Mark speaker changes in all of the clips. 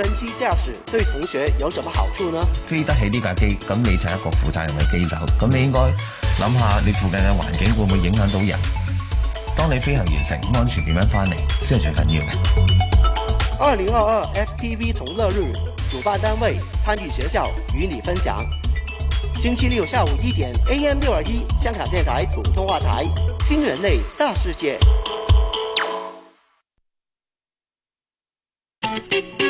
Speaker 1: 無人機駕駛對同學有什麼好處
Speaker 2: 呢？飛得起呢架機，咁你就係一個負責任嘅機手，咁你應該諗下你附近嘅環境會唔會影響到人。當你飛行完成，安全點樣翻嚟先係最緊
Speaker 3: 要嘅。
Speaker 1: 二零二二 F T V 同樂日，主辦單位參與學校與你分享。星期六下午一點，AM 六二一香港電台普通話台，新人類大世界。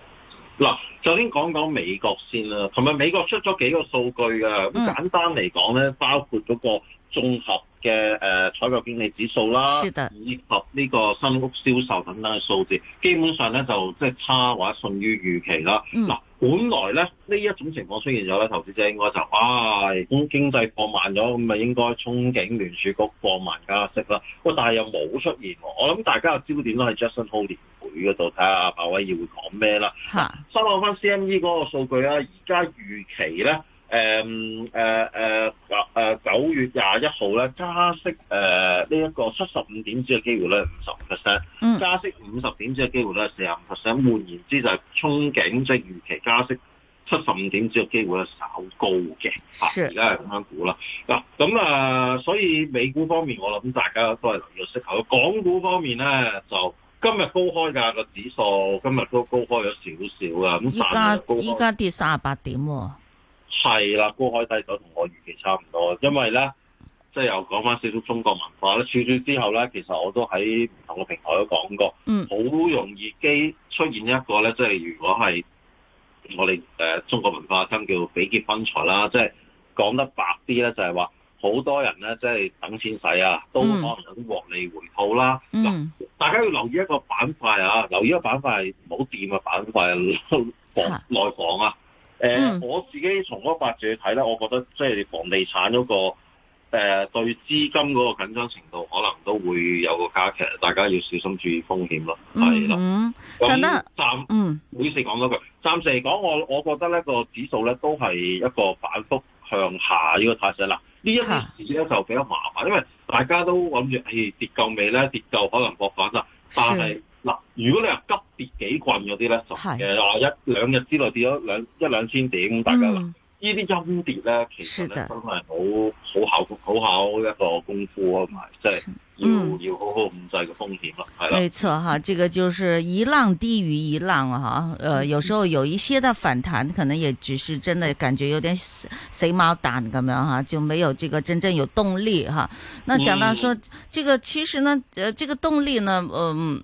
Speaker 4: 嗱，首先講講美國先啦，同埋美國出咗幾個數據啊，咁、嗯、簡單嚟講咧，包括嗰個綜合嘅誒採購經理指數啦，的以及呢個新屋銷售等等嘅數字，基本上咧就即係差或者遜於預期啦。嗱、嗯，本來咧呢一種情況出現咗咧，投資者應該就啊，咁、哎、經濟放慢咗，咁咪應該憧憬聯儲局放慢加息啦。哇，但係又冇出現喎。我諗大家嘅焦點都喺 Jackson Hole 會嗰度睇下阿鮑威爾會講咩啦。嚇哈，收返翻 CME 嗰個數據啊，而家預期咧。誒，誒、um, uh, uh, uh, uh,，誒，誒，九月廿一號咧加息，誒，呢一個七十五點之嘅機會咧五十五 percent，加息五十點之嘅機會咧四十五 percent。換言之就係憧憬，即係預期加息七十五點之嘅機會咧稍高嘅，吓而家係咁樣估啦。嗱、啊，咁啊，所以美股方面我諗大家都係留意到息口。港股方面咧就今日高開噶個指數，今日都高開咗少少噶，咁依家依
Speaker 5: 家跌三十八點、哦。
Speaker 4: 係啦，高開低走同我預期差唔多，因為咧，即係又講翻少少中國文化咧。少少之後咧，其實我都喺唔同嘅平台都講過，嗯，好容易機，出現一個咧，即係如果係我哋誒中國文化講叫比劫分財啦，即係講得白啲咧，就係話好多人咧，即係等錢使啊，都可能想獲利回吐啦。嗯，mm. 大家要留意一個板塊啊，留意一個板塊唔好掂嘅板塊、啊，防 內房啊。誒、嗯呃，我自己從嗰八字去睇咧，我覺得即係房地產嗰、那個誒、呃、對資金嗰個緊張程度，可能都會有個加劇，大家要小心注意風險咯。係啦，咁暫嗯，每次講多句，暫時嚟講，我我覺得咧個指數咧都係一個反覆向下呢個態勢啦。呢一啲事咧就比較麻煩，啊、因為大家都諗住誒跌夠未咧？跌夠可能博返啦，但係。嗱，如果你話急跌幾棍嗰啲咧，是就誒話一兩日之內跌咗兩一兩千點咁大家啦，嗯、呢啲陰跌咧，其實的都係好好考好考一個功夫啊，同即係要、嗯、要好好控制個風險啦，係啦。沒錯
Speaker 5: 哈，這個就是一浪低於一浪哈，誒、呃，嗯、有時候有一些的反彈可能也只是真的感覺有點死死貓彈咁樣哈，就沒有這個真正有動力哈。那講到說、嗯、這個其實呢，呃這個動力呢，嗯、呃。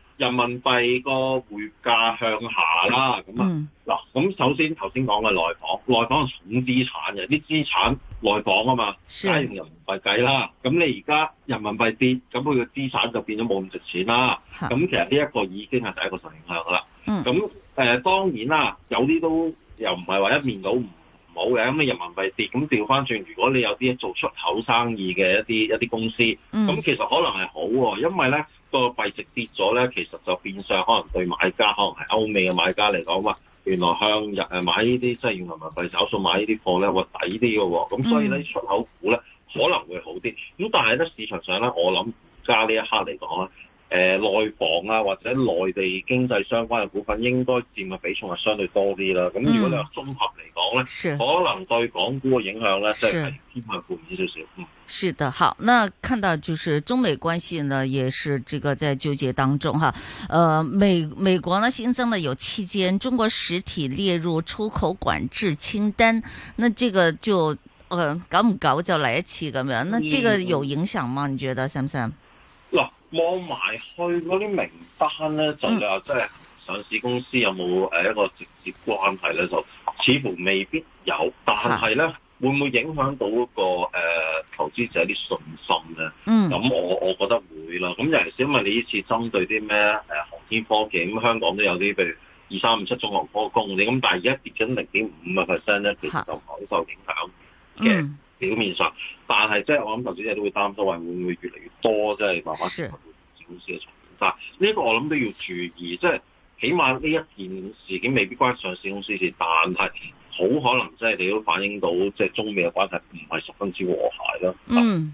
Speaker 4: 人民幣個匯價向下啦，咁啊嗱，咁首先頭先講嘅內房，內房係重資產嘅，啲資產內房啊嘛，使是用人民幣計啦，咁你而家人民幣跌，咁佢個資產就變咗冇咁值錢啦，咁哈其實呢一個已經係第一個受影響噶啦，咁誒、嗯呃、當然啦，有啲都又唔係話一面倒。好嘅，咁啊人民幣跌，咁調翻轉，如果你有啲做出口生意嘅一啲一啲公司，咁、嗯、其實可能係好喎、啊，因為咧個幣值跌咗咧，其實就變相可能對買家，可能係歐美嘅買家嚟講嘛。原來向日誒買呢啲即係用人民幣找數買呢啲貨咧，會抵啲嘅喎，咁所以咧出口股咧可能會好啲，咁但係咧市場上咧，我諗而家呢一刻嚟講咧。誒、呃，內房啊，或者內地經濟相關嘅股份，應該佔嘅比重係相對多啲啦。咁、嗯、如果你話綜合嚟講咧，是可能對港股嘅影響咧，即係偏向負面少少。
Speaker 5: 嗯，是的，好，那看到就是中美關係呢，也是這個在糾結當中哈。呃，美美國呢新增呢有七間中國實體列入出口管制清單，那這個就，嗯、呃，搞唔搞就嚟一次咁樣，那這個有影響嗎？嗯、你覺得，三三？啊
Speaker 4: 望埋去嗰啲名單咧，就就話即係上市公司有冇一個直接關係咧，就似乎未必有。但係咧，會唔會影響到一個、呃、投資者啲信心咧？嗯，咁我我覺得會啦。咁尤其是因為你呢次針對啲咩誒航天科技咁，香港都有啲譬如二三五七中航科工，你咁，但係而家跌緊零點五個 percent 咧，其實就唔受影響嘅表面上？嗯。但係，即係我諗頭先亦都會擔心，話會唔會越嚟越多，即係慢慢形成上市公司嘅重點。是但係呢個我諗都要注意，即係起碼呢一件事件未必關上市公司事，但係好可能即係你都反映到，即係中美嘅關係唔係十分之和諧咯。嗯。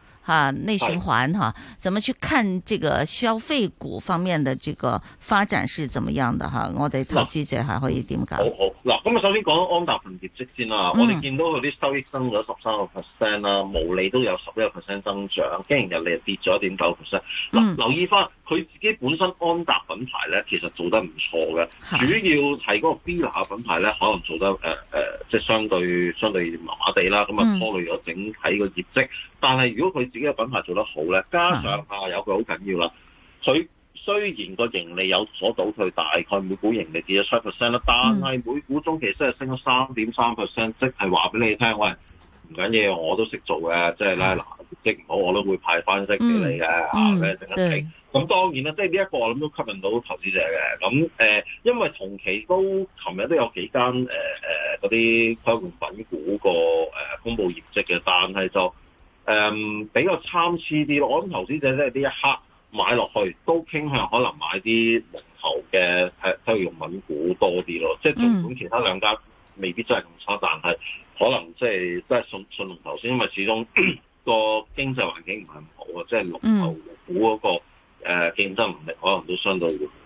Speaker 5: 哈，內、啊、循環哈、啊，是怎麼去看這個消費股方面的這個發展是怎麼樣的哈？我哋投資者係可以點解？
Speaker 4: 好好嗱，咁啊，首先講安達份業績先啦，嗯、我哋見到佢啲收益增咗十三個 percent 啦，毛利都有十一 percent 增長，今日嚟跌咗一點九 percent。嗱，嗯、留意翻佢自己本身安達品牌咧，其實做得唔錯嘅，是主要係嗰個 Bla 品牌咧，可能做得誒誒、呃呃，即係相對相對麻麻地啦，咁啊拖累咗整體個業績。嗯但係如果佢自己嘅品牌做得好咧，加上啊，啊有佢好緊要啦，佢雖然個盈利有所倒退，大概每股盈利跌咗七 percent 啦，但係每股中期息係升咗三點三 percent，即係話俾你聽，我係唔緊要，我都識做嘅，即係咧嗱，業績唔好我都會派翻息俾你嘅嚇咧，等你睇。咁、啊、的當然啦，即係呢一個我諗都吸引到投資者嘅。咁誒、呃，因為同期都琴日都有幾間誒誒嗰啲高纖股個誒公布業績嘅，但係就誒、um, 比較參差啲咯，我諗投資者呢一刻買落去都傾向可能買啲龍頭嘅係體育用品股多啲咯，即係儘管其他兩家未必真係咁差，mm. 但係可能即係都係信信龍頭先，因為始終個經濟環境唔係咁好、那個 mm. 啊，即係龍頭股嗰個誒競爭能力可能都相對。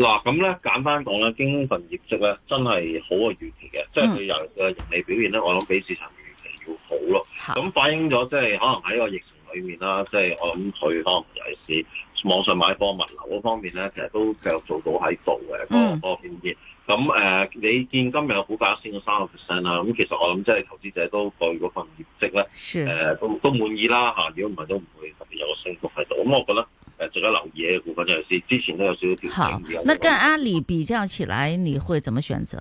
Speaker 4: 嗱咁咧，簡單講咧，經分業績咧真係好過預期嘅，嗯、即係佢由嘅盈利表現咧，我諗比市場預期要好咯。咁、嗯、反映咗即係可能喺個疫情裏面啦，即係我諗佢可能尤其係網上買貨物流嗰方面咧，其實都繼續做到喺度嘅個個變遷。咁誒、嗯呃，你見今日嘅股價升咗三個 percent 啦，咁、啊、其實我諗即係投資者都對嗰份業績咧，誒是、呃、都都滿意啦嚇。如果唔係都唔會特別有個升幅喺度。咁我覺得呢。誒，仲留意嘅部分就係，是之前都有少少調整嘅。
Speaker 5: 好，那跟阿里比較起來，你會怎麼選擇？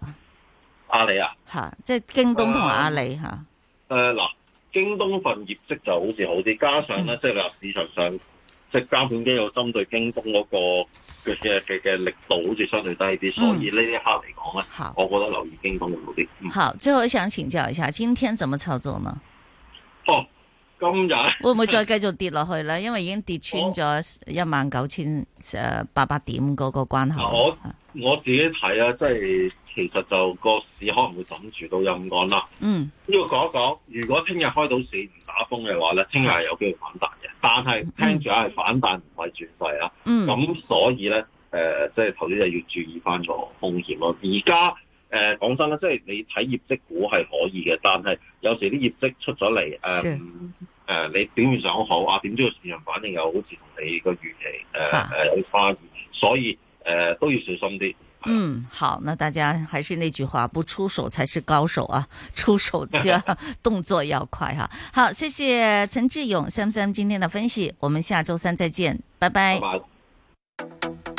Speaker 4: 阿里啊？吓，即、
Speaker 5: 就、係、是、京東同埋阿里吓。
Speaker 4: 誒、呃，嗱、啊呃，京東份業績就好似好啲，加上咧，即、就、係、是、市場上即係監管機構針對京東嗰個嘅嘅嘅力度好似相對低啲，所以呢一刻嚟講咧，嗯、我覺得留意京東會好啲。嗯、
Speaker 5: 好，最後想請教一下，今天怎麼操作呢？哦。
Speaker 4: 今日會唔會再
Speaker 5: 繼續跌落去咧？因為已經跌穿咗一萬九千誒八百點嗰個關口。我
Speaker 4: 我自己睇啊，即係其實就個市可能會頂住到陰岸啦。嗯，要講一講，如果聽日開到市唔打風嘅話咧，聽日係有機會反彈嘅。但係聽住係反彈唔係轉勢啊。嗯，咁所以咧誒，即係頭先就要注意翻個風險咯。而家。誒，講、呃、真啦，即、就、係、是、你睇業績股係可以嘅，但係有時啲業績出咗嚟，誒、呃，誒是、呃，你表面上好，啊，點知個市場反應又好似同你個預期，誒、呃，誒哈、呃，有啲差異，所以誒、呃、都要小心啲。
Speaker 5: 嗯，好，那大家還是那句話，不出手才是高手啊，出手就 動作要快哈、啊。好，謝謝陳志勇 Sam Sam 今天的分析，我們下周三再見，拜
Speaker 2: 拜。
Speaker 3: 拜拜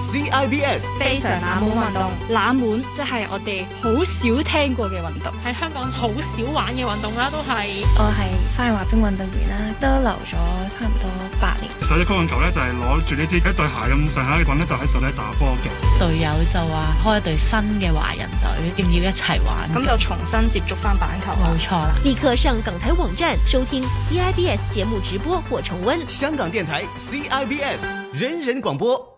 Speaker 6: CIBS 非常冷門運動，
Speaker 7: 冷門即係我哋好少聽過嘅運動，喺香港好少玩嘅運動啦。都係我係翻去滑冰運動員啦，都留咗差唔多八年。
Speaker 8: 手仔高運球咧就係攞住呢支一對鞋咁上下嘅棍咧，就喺手底打波嘅。
Speaker 5: 隊友就話開一隊新嘅華人隊，要唔要一齊
Speaker 2: 玩？咁就重新接觸翻板球了。冇錯啦！立刻上港台網站收聽 CIBS 節目直播或重溫。香港電台 CIBS 人人廣播。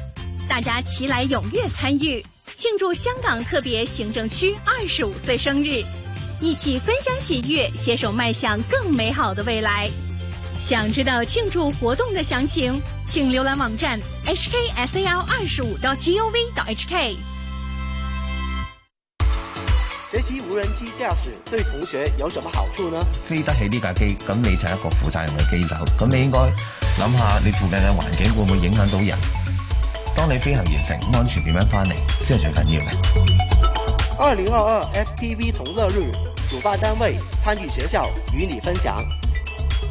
Speaker 9: 大家齊來踊躍參與，慶祝香港特別行政區二十五歲生日，一起分享喜悦，携手邁向更美好的未來。想知道慶祝活動的詳情，請瀏覽網站 hksal25.gov.hk。學習無人機駕駛對同學有什麼好處呢？
Speaker 2: 飛得起呢架機，咁你就係一個負責任嘅機手，咁你應該諗下，你附近嘅環境會唔會影響到人？當你飛行完成，安全點樣翻嚟先係最緊要嘅。
Speaker 1: 二零二二 FTV 同樂日主辦單位參與學校與你分享。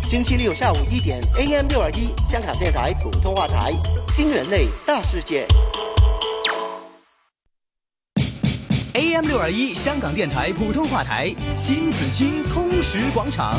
Speaker 1: 星期六下午一點 AM 六二一香港電台普通話台新人類大世界。AM 六二一香港
Speaker 2: 電台普通話台新紫荊通識廣場。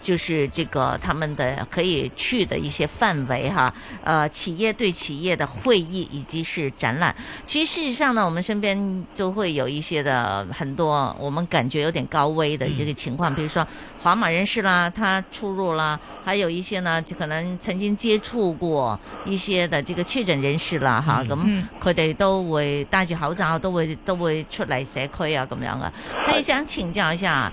Speaker 5: 就是這個他們的可以去的一些範圍哈，呃，企業對企業的會議以及是展覽。其實事實上呢，我們身邊就會有一些的很多，我們感覺有點高危的這個情況，比如說皇馬人士啦，他出入啦，還有一些呢，就可能曾經接觸過一些的這個確診人士啦，哈。咁佢哋都會戴住口罩，都會都會出嚟社區啊咁樣噶，啊。所以想請教一下。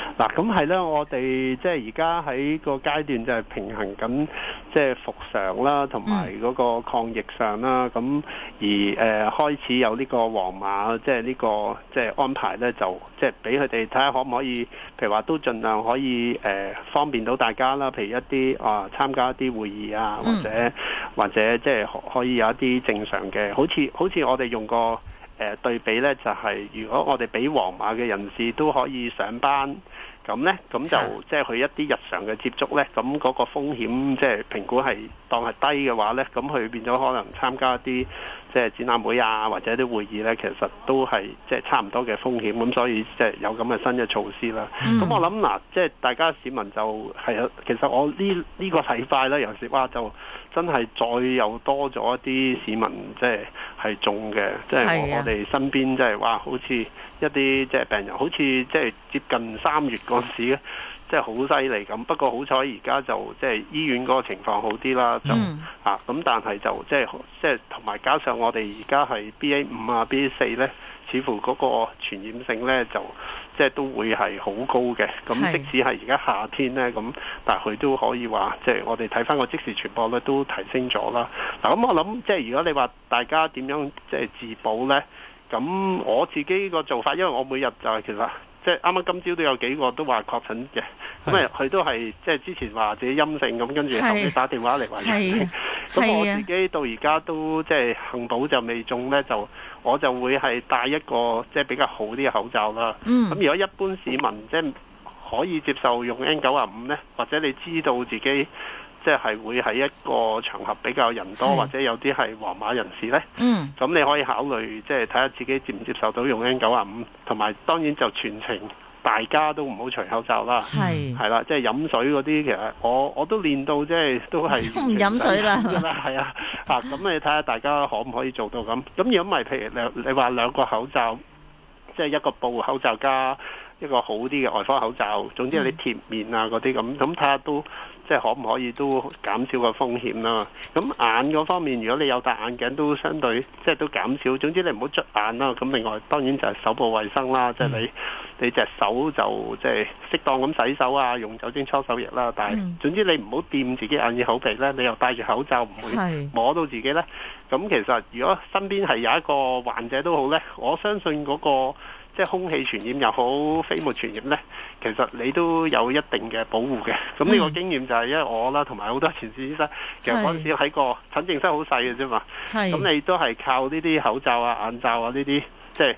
Speaker 8: 嗱，咁係咧，我哋即係而家喺個階段就係平衡緊，即係服常啦，同埋嗰個抗疫上啦。咁、嗯、而誒開始有呢個黃碼，即係呢個即係安排咧，就即係俾佢哋睇下可唔可以，譬如話都盡量可以誒、呃、方便到大家啦。譬如一啲啊參加一啲會議啊，或者、嗯、或者即係可以有一啲正常嘅，好似好似我哋用個誒、呃、對比咧，就係、是、如果我哋俾黃碼嘅人士都可以上班。咁呢，咁就即係佢一啲日常嘅接觸呢，咁嗰個風險即係、就是、評估係當係低嘅話呢，咁佢變咗可能參加啲即係展覽會啊，或者啲會議呢，其實都係即係差唔多嘅風險，咁所以即係有咁嘅新嘅措施啦。咁、嗯、我諗嗱，即係大家市民就係啊，其實我呢呢個睇法呢，有時哇就～真係再又多咗一啲市民，即係係中嘅，即係、即係、我哋身邊，即、就、係、是、話，好似一啲即係病人，好似即係接近三月嗰時咧，即係好犀利咁。不過好彩而家就即係、即係、醫院嗰個情況好啲啦，就、嗯、啊咁，但係就即係即係同埋加上我哋而家係 B A 五啊 B A 四呢，似乎嗰個傳染性呢就。即係都會係好高嘅，咁即使係而家夏天呢，咁是但係佢都可以話，即係我哋睇翻個即時傳播率都提升咗啦。嗱，咁我諗即係如果你話大家點樣即係自保呢？咁我自己個做法，因為我每日就係其實即係啱啱今朝都有幾個都話確診嘅，咁佢是都係即係之前話自己陰性咁，跟住後面打電話嚟話，咁我自己到而家都即係幸保就未中呢，就。我就會係戴一個即係比較好啲嘅口罩啦。咁、嗯、如果一般市民即係可以接受用 N95 呢，或者你知道自己即係會喺一個場合比較人多，是 或者有啲係黃碼人士呢，咁、嗯、你可以考慮即係睇下自己接唔接受到用 N95，同埋當然就全程。大家都唔好除口罩是啦，係啦，即係飲水嗰啲，其實我我都練到係都係，即係都係唔飲水啦，係啊， 啊咁你睇下大家可唔可以做到咁？咁如果唔係，譬如你你話兩個口罩，即係一個布口罩加一個好啲嘅外科口罩，總之係啲貼面啊嗰啲咁，咁睇下都即係可唔可以都減少個風險啦？咁眼嗰方面，如果你有戴眼鏡，都相對即係都減少。總之你唔好捽眼啦。咁另外當然就係手部衛生啦，嗯、即係你。你隻手就即係適當咁洗手啊，用酒精搓手液啦。但係總之你唔好掂自己眼耳口鼻咧，你又戴住口罩唔會摸到自己咧。咁是其實如果身邊係有一個患者都好咧，我相信嗰、嗰個即係空氣傳染又好飛沫傳染咧，其實你都有一定嘅保護嘅。咁呢個經驗就係因為我啦，同埋好多前線醫生，是其實嗰陣時喺個診症室好細嘅啫嘛，咁是你都係靠呢啲口罩啊、眼罩啊呢啲即係。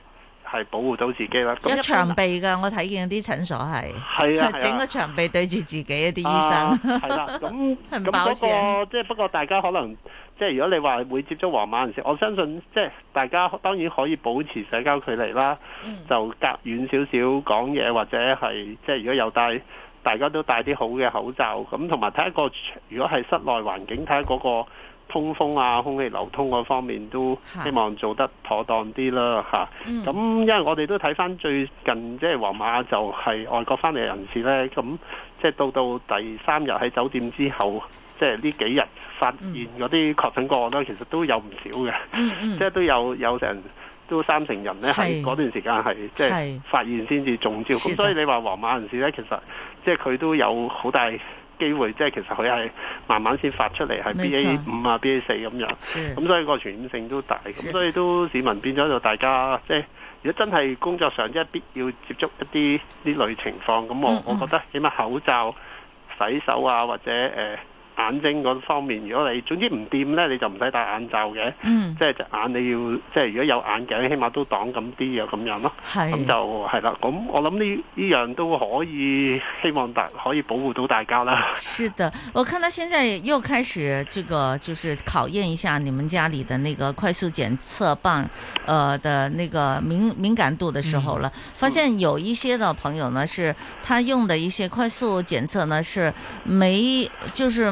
Speaker 8: 係保護到自己啦！一長
Speaker 5: 鼻㗎，咁我睇見啲診所係係啊，啊，整個長鼻對住自己一啲醫生。係啦、啊，咁咁嗰個即係、就
Speaker 8: 是、不過，大家可能即係、就是、如果你話會接觸黃碼人士，我相信即係、就是、大家當然可以保持社交距離啦，嗯、就隔遠少少講嘢，或者係即係如果有戴，大家都戴啲好嘅口罩，咁同埋睇下個如果係室內環境，睇下嗰個。通風，風啊，空氣流通嗰方面都希望做得妥當啲啦吓。咁因為我哋都睇翻最近即係黃碼就係外國翻嚟人士呢。咁即係到到第三日喺酒店之後，即係呢幾日發現嗰啲確診個案，其實都有唔少嘅，即係、嗯嗯、都有有成都三成人呢。喺嗰段時間係即係發現先至中招。咁是的 所以你話黃碼人士呢，其實即係佢都有好大。機會即係其實佢係慢慢先發出嚟，係 BA 五啊、錯 BA 四咁樣，咁的所以個傳染性都大，咁的所以都市民變咗就大家即係，如果真係工作上即係必要接觸一啲呢類情況，咁我我覺得起碼口罩、洗手啊，或者誒。呃眼睛方面，如果你總之唔掂咧，你就唔使戴眼罩嘅，嗯、即係隻眼你要即係如果有眼鏡，起碼都擋咁啲啊，咁樣咯，咁是就係啦。咁我諗呢呢樣都可以，希望大可以保護到大家啦。
Speaker 5: 是的，我看到現在又開始這個就是考驗一下你們家裡的那個快速檢測棒，呃的那個敏敏感度的時候了，嗯、發現有一些的朋友呢，是他用的一些快速檢測呢是沒就是。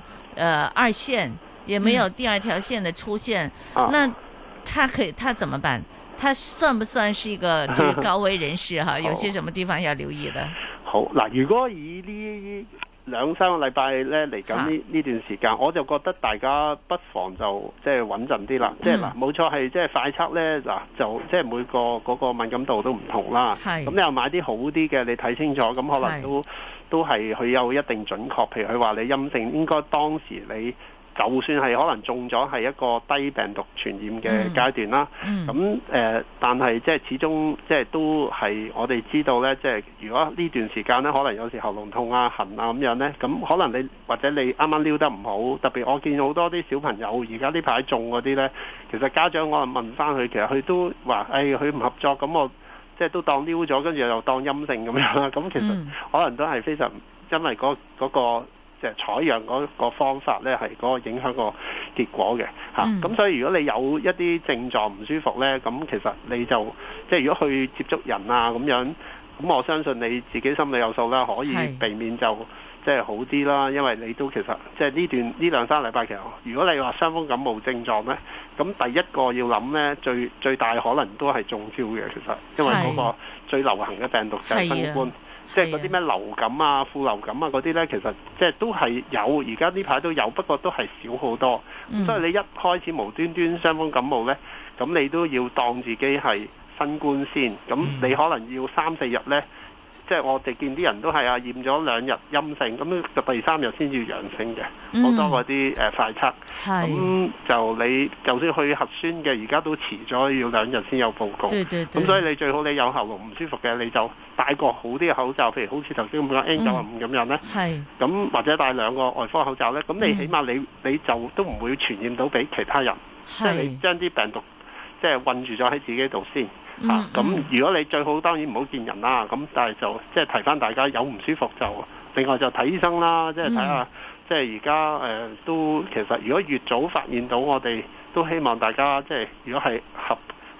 Speaker 5: 呃、二線也沒有第二條線的出現，嗯啊、那他可以，他怎麼辦？他算不算是一個，就是高危人士哈，哈？啊、好有些什麼地方要留意的？
Speaker 8: 好嗱，如果以呢兩三個禮拜咧嚟緊呢呢、啊、段時間，我就覺得大家不妨就即係穩陣啲啦、嗯就是，即係嗱，冇錯係即係快測咧嗱，就即係每個嗰、那個敏感度都唔同啦，咁是你又買啲好啲嘅，你睇清楚，咁可能都。都係佢有一定準確，譬如佢話你陰性，應該當時你就算係可能中咗，係一個低病毒傳染嘅階段啦。咁、mm hmm. 呃、但係即係始終即係都係我哋知道呢，即係如果呢段時間呢，可能有時喉嚨痛啊、痕啊咁樣呢，咁可能你或者你啱啱撩得唔好，特別我見好多啲小朋友而家呢排中嗰啲呢，其實家長我問翻佢，其實佢都話誒，佢唔合作，咁我。即係都當撩咗，跟住又當陰性咁樣啦。咁其實可能都係非常，因為嗰、嗰個即係、嗰個、採樣嗰個方法咧，係嗰個影響個結果嘅嚇。咁、嗯啊、所以如果你有一啲症狀唔舒服咧，咁其實你就即係如果去接觸人啊咁樣，咁我相信你自己心裡有數啦，可以避免就。即係好啲啦，因為你都其實即係呢段呢兩三禮拜其實，如果你話傷風感冒症狀呢，咁第一個要諗呢，最最大可能都係中招嘅。其實因為嗰個最流行嘅病毒就係新冠，即係嗰啲咩流感啊、副流感啊嗰啲呢，的其實即係都係有。而家呢排都有，不過都係少好多。嗯、所以你一開始無端端傷風感冒呢，咁你都要當自己係新冠先。咁你可能要三四日呢。即係我哋見啲人都係啊，驗咗兩日陰性，咁就第三日先至陽性嘅，好、嗯、多嗰啲快測。咁是就你就算去核酸嘅，而家都遲咗，要兩日先有報告。咁所以你最好你有喉嚨唔舒服嘅，你就戴個好啲口罩，譬如好似頭先咁樣啊 N 九啊五咁樣咧。咁是或者戴兩個外科口罩咧，咁你起碼你你就都唔會傳染到俾其他人，即係是你將啲病毒即係困住咗喺自己度先。
Speaker 3: 嚇咁、啊、
Speaker 8: 如果你最好當然唔好見人啦，咁但係就即係提翻大家有唔舒服就另外就睇醫生啦，即係睇下即係而家誒都其實如果越早發現到，我哋都希望大家即係如果係合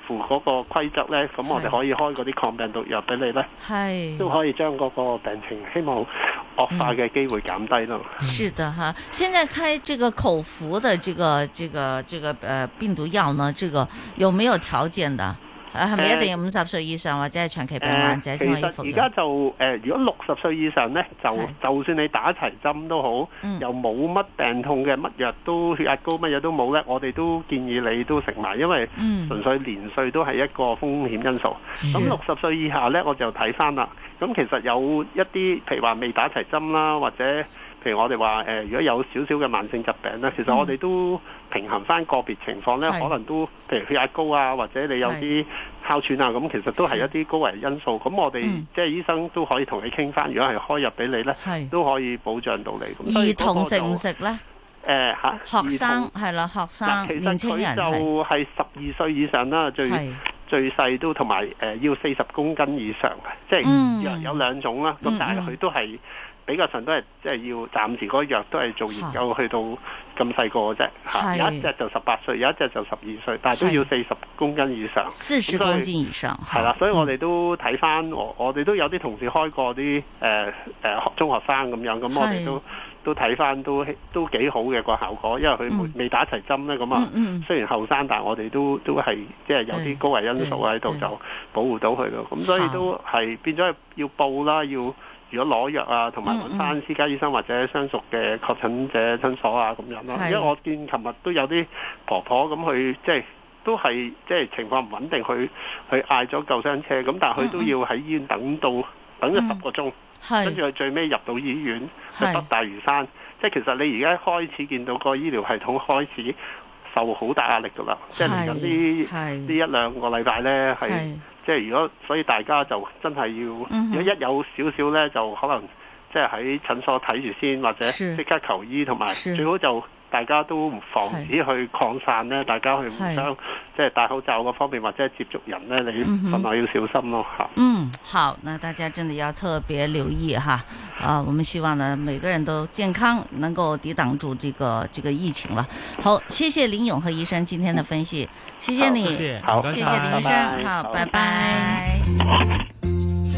Speaker 8: 乎嗰個規則咧，咁我哋可以開嗰啲抗病毒藥俾你咧，
Speaker 3: 係的都
Speaker 8: 可以將嗰個病情希望惡化嘅機會減低咯。
Speaker 5: 是的，哈！現在開這個口服的這個這個這個誒、呃、病毒藥呢？這個有沒有條件的？啊，係咪一定要五十歲以上或者係長期病患者先可以服用？其
Speaker 8: 實而家、呃、就誒、呃，如果六十歲以上咧，就是就算你打齊針都好，嗯、又冇乜病痛嘅，乜藥都血壓高乜嘢都冇咧，我哋都建議你都食埋，因為純粹年歲都係一個風險因素。咁六十歲以下咧，我就睇返啦。咁其實有一啲，譬如話未打齊針啦，或者譬如我哋話誒，如果有少少嘅慢性疾病咧，其實我哋都。嗯平衡翻個別情況咧，可能都譬如血壓高啊，或者你有啲哮喘啊，咁其實都係一啲高危因素。咁我哋即係醫生都可以同你傾翻，如果係開藥俾你咧，都可以保障到你。咁兒童食唔食咧？誒嚇！學生
Speaker 5: 係啦，學生其實佢就
Speaker 8: 係十二歲以上啦，最最細都同埋誒要四十公斤以上，即係有兩種啦。咁但係佢都係。比較上都係即係要暫時嗰個藥都係做研究去到咁細個嘅啫，有一隻就十八歲，有一隻就十二歲，但係都要四十公斤以上。四十公斤以上，係啦，所以我哋都睇翻，我我哋都有啲同事開過啲誒誒中學生咁樣，咁我哋都都睇翻都都幾好嘅個效果，因為佢未打齊針咧，咁啊，雖然後生，但係我哋都都係即係有啲高危因素喺度，就保護到佢咯。咁所以都係變咗係要報啦，要。如果攞藥啊，同埋揾私家醫生或者相熟嘅確診者診所啊，咁樣咯。因為我見琴日都有啲婆婆咁去，即係、即係、都係即係情況唔穩定，去去嗌咗救傷車，咁但係佢都要喺醫院等到、嗯、等咗十個鐘，跟住佢最尾入到醫院去北大嶼山。是即係其實你而家開始見到個醫療系統開始受好大壓力㗎啦。即係嚟緊啲呢一兩個禮拜呢，係是。即係如果，所以大家就真係要，嗯、哼如果一有少少咧就可能，即係喺診所睇住先，或者即刻求醫，同埋最好就。大家都唔防止去擴散是大家去互相，是即係戴口罩嗰方面或者接觸人呢，你咁耐要小心咯嚇。嗯，好，
Speaker 5: 那大家真的要特別留意哈。啊，我們希望呢每個人都健康，能夠抵擋住這個這個疫情啦。好，謝謝林勇和醫生今天的分析，
Speaker 2: 謝謝你，好，謝謝，好謝謝林醫生，好，拜
Speaker 3: 拜。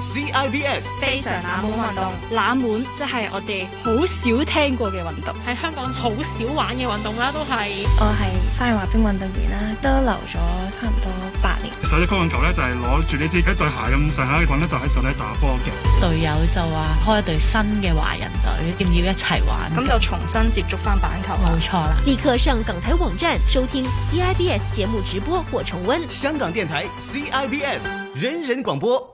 Speaker 7: CIBS 非常冷門運動，冷門即係我哋好少聽過嘅運動，喺香港好少玩嘅
Speaker 6: 運動啦，都係我係翻去滑冰運動員啦，都留咗差唔多八年。
Speaker 8: 手一波運球咧，就係攞住你自己一對鞋咁上下嘅棍咧，就喺手底打波嘅。
Speaker 6: 隊友就話
Speaker 5: 開一隊新嘅華人隊，要唔要一齊玩？咁就重新接觸翻板球。冇錯
Speaker 2: 啦，立刻上港台網站收聽 CIBS 節目直播或重溫。香港電台 CIBS 人人廣播。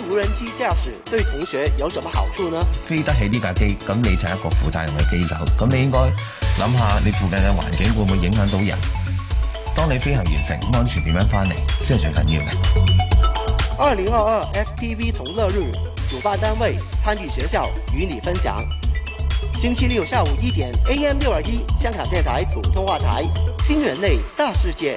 Speaker 1: 無人機駕駛對同學有什麼好處呢？
Speaker 2: 飛得起呢架機，咁你就係一個負責任嘅機構，咁你應該諗下你附近嘅環境會唔會影響到人。當你飛行完成，安全點樣翻嚟先係最緊要嘅。
Speaker 1: 二零二二 FTV 同樂日主辦單位參與學校與你分享。星期六下午一點 AM 六二一香港電台普通話台新人類大世界。